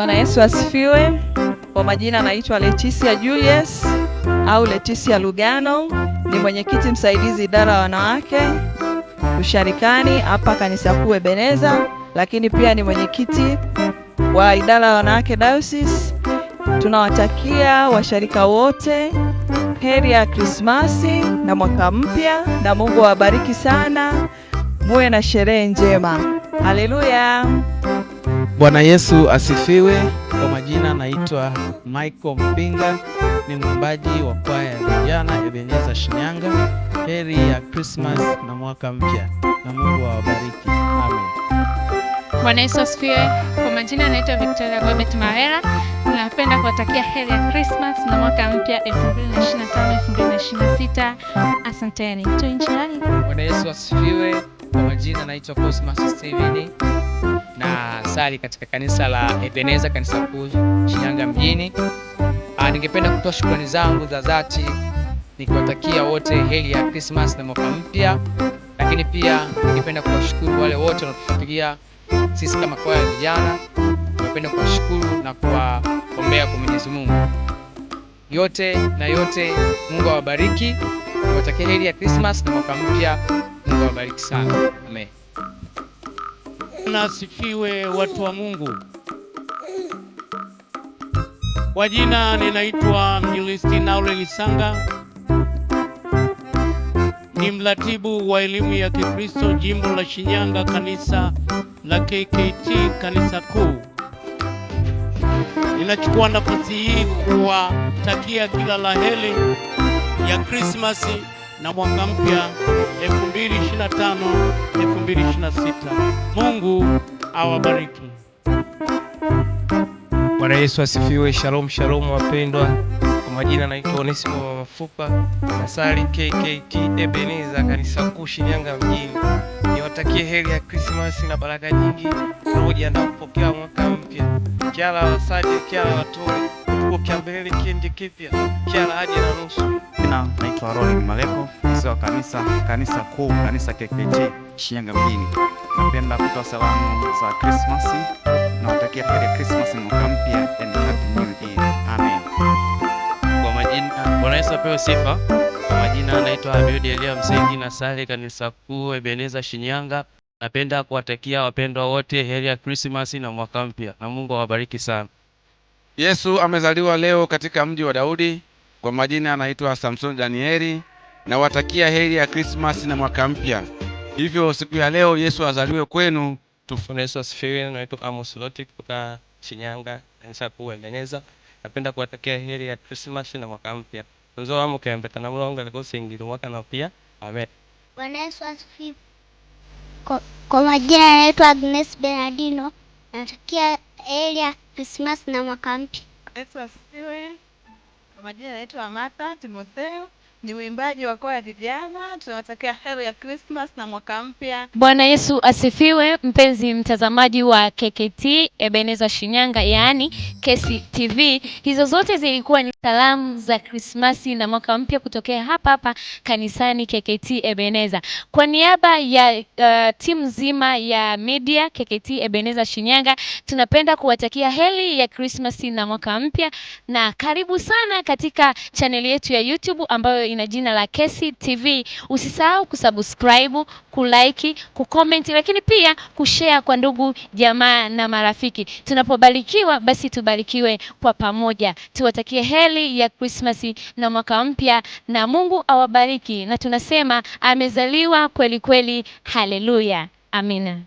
Bwana Yesu asifiwe. Kwa majina naitwa Leticia Julius au Leticia Lugano, ni mwenyekiti msaidizi idara ya wanawake usharikani hapa kanisa kuu Ebeneza, lakini pia ni mwenyekiti wa idara ya wanawake diocese. Tunawatakia washarika wote heri ya Krismasi na mwaka mpya, na Mungu awabariki sana, muwe na sherehe njema. Haleluya! Bwana Yesu asifiwe. Kwa majina naitwa Michael Mpinga, ni mwimbaji wa kwaya ya vijana Ebenezer Shinyanga. Heri ya Christmas na mwaka mpya, na Mungu awabariki. Amen. Bwana Yesu asifiwe. Kwa majina naitwa Victoria Gobet Mawela. Napenda kuwatakia heri ya Christmas na mwaka mpya 2025 2026. Asanteni. Bwana Yesu asifiwe. Kwa majina naitwa Cosmas Steven na sali katika kanisa la Ebeneza, kanisa kuu Shinyanga mjini. Ah, ningependa kutoa shukrani zangu za dhati nikiwatakia wote heri ya Christmas na mwaka mpya, lakini pia ningependa kuwashukuru wale wote wanaotufuatilia sisi kama kwaya ya vijana. Ningependa kuwashukuru na kuwaombea kwa Mwenyezi Mungu. Yote na yote, Mungu awabariki. Niwatakia heri ya Christmas na mwaka mpya. Mungu awabariki sana. Amen. Na watu wa Mungu. Kwa jina ninaitwa Mjilisti Naule Lisanga, ni mratibu wa elimu ya Kikristo jimbo la Shinyanga, kanisa la KKT, kanisa kuu. Ninachukua nafasi hii kuwatakia kila la heri ya Krismasi na mwaka mpya 2025 2026. Mungu awabariki. Bwana Yesu asifiwe. Shalom, shalom wapendwa. Kwa majina naitwa Onesimo Mama Fupa, nasali KKT Ebeneza, kanisa kuu Shinyanga mjini. Niwatakie heri ya Krismasi na baraka nyingi, na kupokea mwaka mpya. Kyala wasaje, kyala watole Kiambeleli kindi kipya kiara haja na nusu. naitwa Maleko, mzee wa kanisa kanisa kuu kanisa KKKT Shinyanga mjini. Napenda kutoa salamu za na heri mwaka mpya and happy new year. Amen. Kwa majina Bwana Yesu apewe sifa. Kwa majina anaitwa Abiudi Elia Msingi na sali kanisa kuu Ebeneza Shinyanga. Napenda kuwatakia wapendwa wote heri ya Krismasi na mwaka mpya, na Mungu awabariki sana. Yesu amezaliwa leo katika mji wa Daudi, kwa majina anaitwa Samson Danieli. Nawatakia heri ya Krismasi na mwaka mpya. Hivyo siku ya leo Yesu azaliwe kwenu. Bwana Yesu asifiwe. Naitwa Amos Loti kutoka Shinyanga, kanisa kuu Napenda kuwatakia heri ya Krismasi na mwaka mpya. Tuzoamo kembeta na Mungu alikosingira mwaka na Amen. Bwana Yesu asifiwe. Kwa majina anaitwa Agnes Bernardino. Natakia Elia, Christmas na mwaka mpya. Yesu asifiwe. Kwa majina yanaitwa Martha Timotheo ni uimbaji wa kwaya vijana. Tunawatakia heri ya Christmas na mwaka mpya. Bwana Yesu asifiwe, mpenzi mtazamaji wa KKT Ebenezer Shinyanga, yaani Kesi TV. Hizo zote zilikuwa ni salamu za Krismasi na mwaka mpya kutokea hapa hapa kanisani KKT Ebenezer. Kwa niaba ya uh, timu nzima ya media KKT Ebenezer Shinyanga, tunapenda kuwatakia heri ya Krismasi na mwaka mpya, na karibu sana katika chaneli yetu ya YouTube ambayo ina jina la Kesi TV. Usisahau kusubscribe, kulike, kucomment lakini pia kushare kwa ndugu jamaa na marafiki. Tunapobarikiwa basi tubarikiwe kwa pamoja. Tuwatakie heri ya Krismasi na mwaka mpya na Mungu awabariki. Na tunasema amezaliwa kweli kweli. Haleluya. Amina.